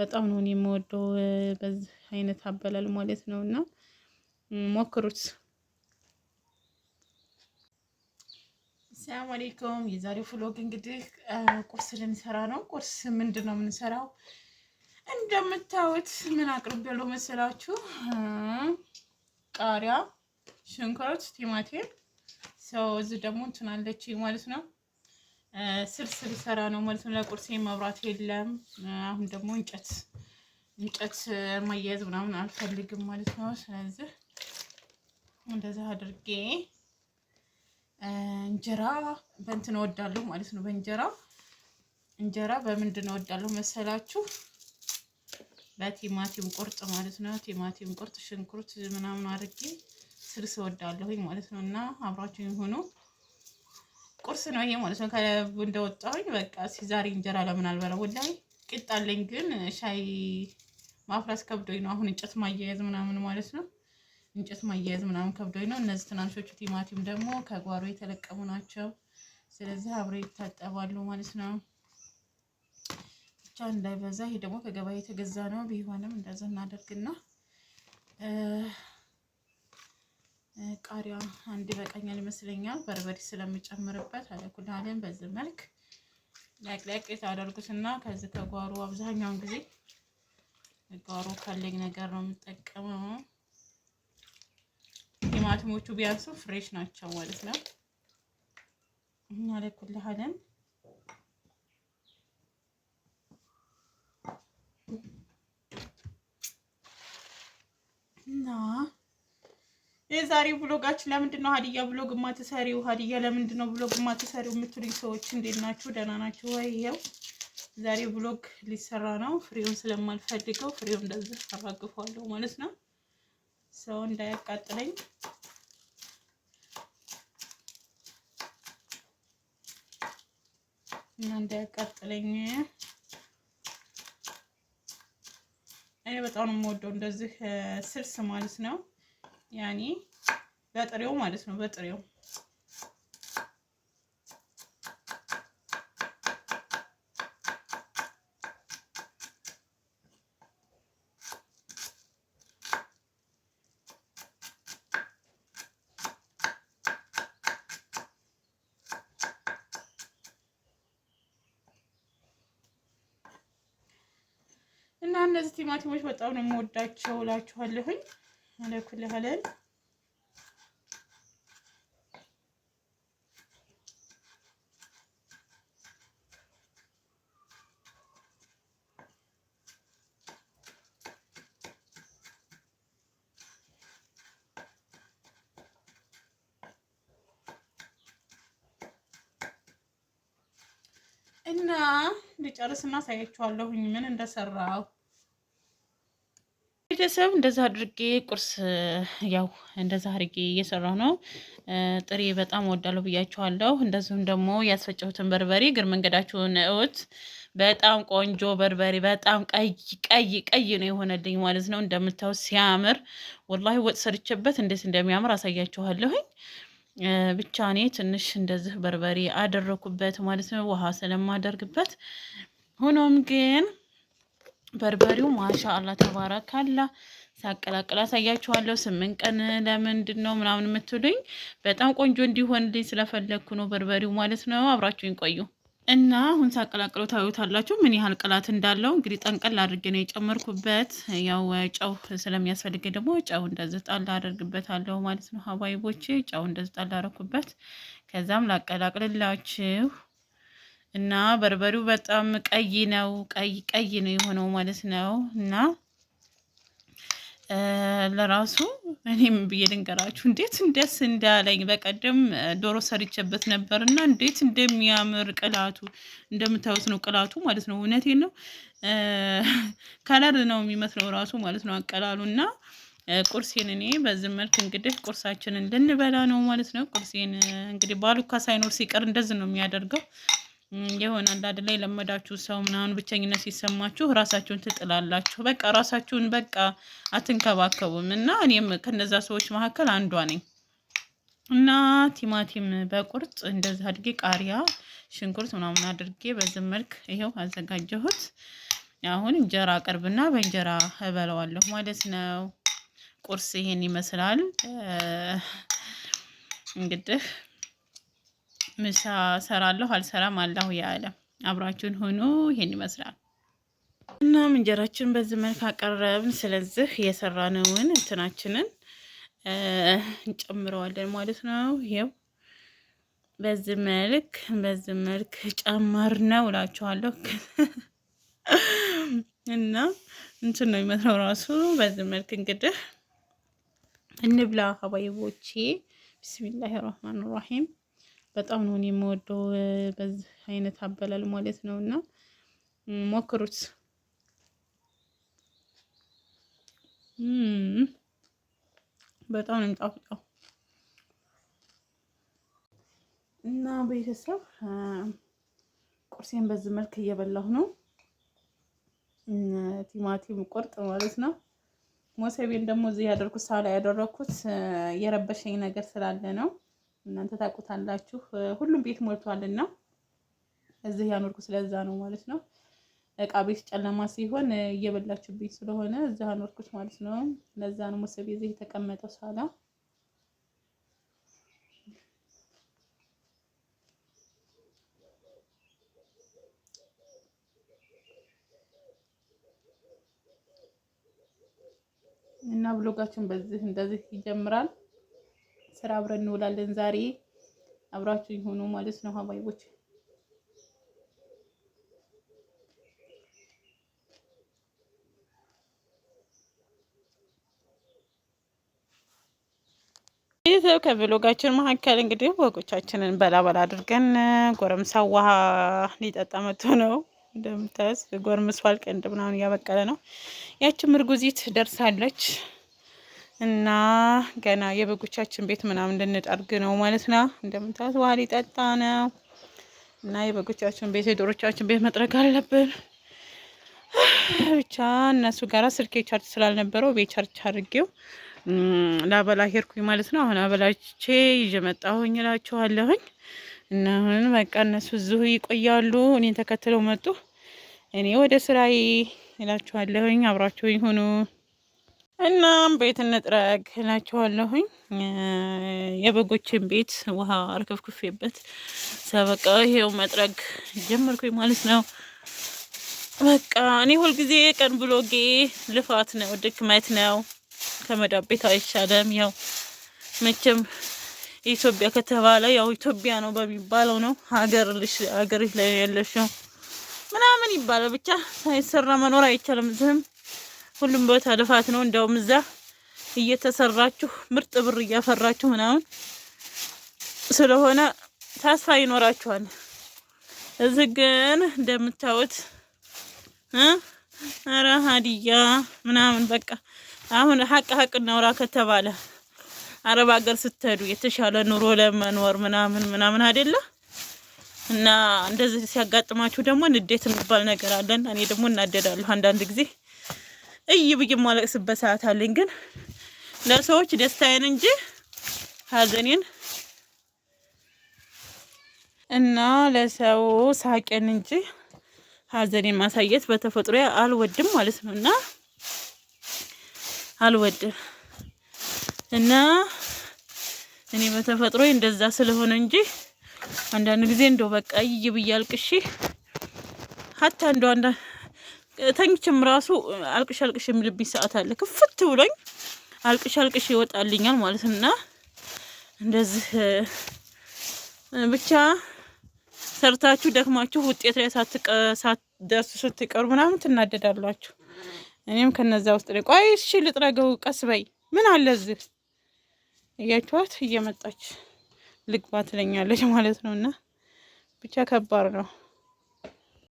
በጣም ነው እኔ የምወደው በዚህ አይነት አበላል ማለት ነው። እና ሞክሩት። ሰላም አሌይኩም። የዛሬው ፍሎግ እንግዲህ ቁርስ ልንሰራ ነው። ቁርስ ምንድን ነው የምንሰራው? እንደምታዩት ምን አቅርብ ያለው መሰላችሁ? ቃሪያ፣ ሽንኩርት፣ ቲማቲም ሰው እዚህ ደግሞ እንትናለች ማለት ነው ስር ሰራ ነው ማለት ነው። ለቁርሴ መብራት የለም። አሁን ደግሞ እንጨት እንጨት መያዝ ምናምን አልፈልግም ማለት ነው። ስለዚህ እንደዚህ አድርጌ እንጀራ በእንትን እወዳለሁ ማለት ነው። በእንጀራ እንጀራ በምንድን እወዳለሁ መሰላችሁ? በቲማቲም ቁርጥ ማለት ነው። ቲማቲም ቁርጥ፣ ሽንኩርት ምናምን አድርጌ ስልስ እወዳለሁኝ ማለት ነው። እና አብራችሁ ይሁኑ። ቁርስ ነው ይሄ ማለት ነው። እንደወጣሁኝ በቃ ዛሬ እንጀራ ለምን አልበላም? ወላሂ ቂጣ አለኝ ግን ሻይ ማፍራስ ከብዶኝ ነው። አሁን እንጨት ማያያዝ ምናምን ማለት ነው። እንጨት ማያያዝ ምናምን ከብዶኝ ነው። እነዚህ ትናንሾቹ ቲማቲም ደግሞ ከጓሮ የተለቀሙ ናቸው። ስለዚህ አብረው ይታጠባሉ ማለት ነው። ብቻ እንዳይበዛ። ይሄ ደግሞ ከገበያ የተገዛ ነው። ቢሆንም እንደዛ እናደርግና ቃሪያ አንድ ይበቃኛል ይመስለኛል። በርበሬ ስለምጨምርበት አለኩላለን። በዚህ መልክ ለቅለቅ የታደርጉትና ከዚህ ከጓሮ አብዛኛውን ጊዜ ጓሮ ከሌግ ነገር ነው የምጠቀመው። ቲማቲሞቹ ቢያንሱ ፍሬሽ ናቸው ማለት ነው። አለኩላለን የዛሬ ብሎጋችን ለምንድን ነው ሀዲያ ብሎግ የማትሰሪው? ሀዲያ ለምንድን ነው ብሎግ የማትሰሪው የምትሉኝ ሰዎች እንዴት ናችሁ? ደህና ናችሁ ወይ? ይኸው ዛሬ ብሎግ ሊሰራ ነው። ፍሬውን ስለማልፈልገው ፍሬውን እንደዚህ አራግፏለሁ ማለት ነው፣ ሰው እንዳያቃጥለኝ። እና እንዳያቃጥለኝ እኔ በጣም ነው የምወደው እንደዚህ ስልስ ማለት ነው። ያኔ በጥሬው ማለት ነው። በጥሬው እና እነዚህ ቲማቲሞች በጣም ነው የምወዳቸው እላችኋለሁኝ። አለኩል ሀለል እና ልጨርስና ሳያችኋለሁኝ ምን እንደሰራው ቤተሰብ እንደዛ አድርጌ ቁርስ ያው እንደዛ አድርጌ እየሰራሁ ነው። ጥሬ በጣም ወዳለሁ ብያችኋለሁ። እንደዚሁም ደግሞ ያስፈጨሁትን በርበሬ እግር መንገዳችሁን እውት። በጣም ቆንጆ በርበሬ በጣም ቀይ ቀይ ቀይ ነው የሆነልኝ ማለት ነው። እንደምታዩት ሲያምር ወላሂ ወጥ ሰርቼበት እንዴት እንደሚያምር አሳያችኋለሁኝ። ብቻ እኔ ትንሽ እንደዚህ በርበሬ አደረኩበት ማለት ነው፣ ውሃ ስለማደርግበት ሆኖም ግን በርበሬው ማሻ አላ ተባረካላ ሳቀላቅል አሳያችኋለሁ። ስምንት ቀን ለምንድን ነው ምናምን የምትሉኝ በጣም ቆንጆ እንዲሆንልኝ ስለፈለግኩ ነው በርበሬው ማለት ነው። አብራችሁኝ ቆዩ እና አሁን ሳቀላቅለው ታዩታላችሁ ምን ያህል ቅላት እንዳለው። እንግዲህ ጠንቀል አድርጌ ነው የጨመርኩበት። ያው ጨው ስለሚያስፈልገኝ ደግሞ ጨው እንደዚህ ጣል አደርግበታለሁ ማለት ነው። ሀባይቦቼ ጨው እንደዚህ ጣል አደረኩበት። ከዛም ላቀላቅልላችሁ እና በርበሬው በጣም ቀይ ነው፣ ቀይ ቀይ ነው የሆነው ማለት ነው። እና ለራሱ እኔም ብዬ ልንገራችሁ እንዴት እንደስ እንዳለኝ። በቀደም ዶሮ ሰርቼበት ነበር እና እንዴት እንደሚያምር ቅላቱ እንደምታዩት ነው፣ ቅላቱ ማለት ነው። እውነቴን ነው፣ ከለር ነው የሚመስለው ራሱ ማለት ነው አቀላሉ እና ቁርሴን እኔ በዚህ መልክ እንግዲህ ቁርሳችንን ልንበላ ነው ማለት ነው። ቁርሴን እንግዲህ ባሉካ ሳይኖር ሲቀር እንደዚህ ነው የሚያደርገው። የሆነ አንዳንድ ላይ ለመዳችሁ ሰው ምናምን ብቸኝነት ሲሰማችሁ ራሳችሁን ትጥላላችሁ። በቃ ራሳችሁን በቃ አትንከባከቡም። እና እኔም ከነዛ ሰዎች መካከል አንዷ ነኝ። እና ቲማቲም በቁርጥ እንደዚህ አድርጌ ቃሪያ፣ ሽንኩርት ምናምን አድርጌ በዚህ መልክ ይኸው አዘጋጀሁት። አሁን እንጀራ አቅርብና በእንጀራ እበለዋለሁ ማለት ነው። ቁርስ ይሄን ይመስላል እንግዲህ ምሳ ሰራለሁ አልሰራም አላሁ ያለ አብራችሁን ሆኖ ይሄን ይመስላል። እናም እንጀራችን በዚህ መልክ አቀረብን። ስለዚህ የሰራነውን እንትናችንን እንጨምረዋለን ማለት ነው። ይኸው በዚህ መልክ በዚህ መልክ ጨመርነው እላችኋለሁ። እና እንትን ነው የሚመስለው ራሱ በዚህ መልክ እንግዲህ እንብላ አባይቦቼ ብስሚላ ራህማን ራሂም በጣም ነው እኔ የምወደው በዚህ አይነት አበላል ማለት ነው። እና ሞክሩት። በጣም ነው የሚጣፍጠው። እና ቤተሰብ ቁርሴን በዚህ መልክ እየበላሁ ነው። ቲማቲም ቁርጥ ማለት ነው። ሞሰቤን ደግሞ እዚህ ያደርኩት ሳላ ያደረኩት የረበሸኝ ነገር ስላለ ነው። እናንተ ታውቁታላችሁ። ሁሉም ቤት ሞልቷልና እዚህ ያኖርኩ ስለዛ ነው ማለት ነው። እቃ ቤት ጨለማ ሲሆን እየበላችሁብኝ ስለሆነ እዛ አኖርኩት ማለት ነው። ለዛ ነው ሙሰቤ እዚህ የተቀመጠው ሳላ እና ብሎጋችን በዚህ እንደዚህ ይጀምራል። ስራ አብረን እንውላለን። ዛሬ አብራችሁ ሆኖ ማለት ነው ሀባይቦች ይዘው ከብሎጋችን መካከል እንግዲህ ወጎቻችንን በላበላ አድርገን ጎረምሳ ውሃ ሊጠጣ መጥቶ ነው። እንደምታስ ጎርምሷል። ቀንድ ምናምን እያበቀለ ነው። ያችም እርጉዚት ደርሳለች። እና ገና የበጎቻችን ቤት ምናምን እንድንጠርግ ነው ማለት ነው። እንደምታዩት ውሃ ሊጠጣ ነው እና የበጎቻችን ቤት የዶሮቻችን ቤት መጥረግ አለብን። ብቻ እነሱ ጋራ ስልኬ ቻርጅ ስላልነበረው ቤት ቻርጅ አድርጌው ላበላ ሄድኩኝ ማለት ነው። አሁን አበላቼ ይዤ መጣሁኝ እላችኋለሁኝ። እና አሁን በቃ እነሱ እዚሁ ይቆያሉ፣ እኔን ተከትለው መጡ። እኔ ወደ ስራዬ እላችኋለሁኝ። አብራችሁኝ ሁኑ። እናም ቤት እንጥረግ እላችኋለሁኝ። የበጎችን ቤት ውሃ አርከፍክፌበት ሰበቃ ይሄው መጥረግ ጀመርኩኝ ማለት ነው። በቃ እኔ ሁልጊዜ ቀን ብሎጌ ልፋት ነው፣ ድክመት ነው። ከመዳብ ቤት አይሻለም። ያው መቼም ኢትዮጵያ ከተባለ ያው ኢትዮጵያ ነው በሚባለው ነው። ሀገር ልሽ ሀገር ላይ ያለሽው ምናምን ይባላል። ብቻ ሳይሰራ መኖር አይቻልም ዝም ሁሉም ቦታ ልፋት ነው። እንደውም እዛ እየተሰራችሁ ምርጥ ብር እያፈራችሁ ምናምን ስለሆነ ተስፋ ይኖራችኋል። እዚህ ግን እንደምታዩት አረ ሀዲያ ምናምን በቃ አሁን ሀቅ ሀቅ እናውራ ከተባለ አረብ ሀገር ስትሄዱ የተሻለ ኑሮ ለመኖር ምናምን ምናምን አይደለ? እና እንደዚህ ሲያጋጥማችሁ ደግሞ ንዴት የሚባል ነገር አለና እኔ ደግሞ እናደዳለሁ አንዳንድ ጊዜ እይ ብዬ ማለቅስበት ሰዓት አለኝ። ግን ለሰዎች ደስታዬን እንጂ ሀዘኔን እና ለሰው ሳቄን እንጂ ሀዘኔን ማሳየት በተፈጥሮ አልወድም ማለት ነው እና አልወድም እና እኔ በተፈጥሮ እንደዛ ስለሆነ እንጂ አንዳንድ ጊዜ እንደው በቃ ይይ ብዬ አልቅሼ ሀታ እንደው አንዳንድ ተኝችም ራሱ አልቅሽ አልቅሽ የሚልብኝ ሰዓት አለ። ክፍት ብሎኝ አልቅሽ አልቅሽ ይወጣልኛል ማለት እና እንደዚህ ብቻ ሰርታችሁ ደክማችሁ ውጤት ላይ ሳትደርሱ ስትቀሩ ምናምን ትናደዳሏችሁ። እኔም ከነዛ ውስጥ ነው። ቆይ እሺ ልጥረገው፣ ቀስ በይ ምን አለ እዚህ እያችኋት እየመጣች ልግባ ትለኛለች ማለት ነው እና ብቻ ከባድ ነው።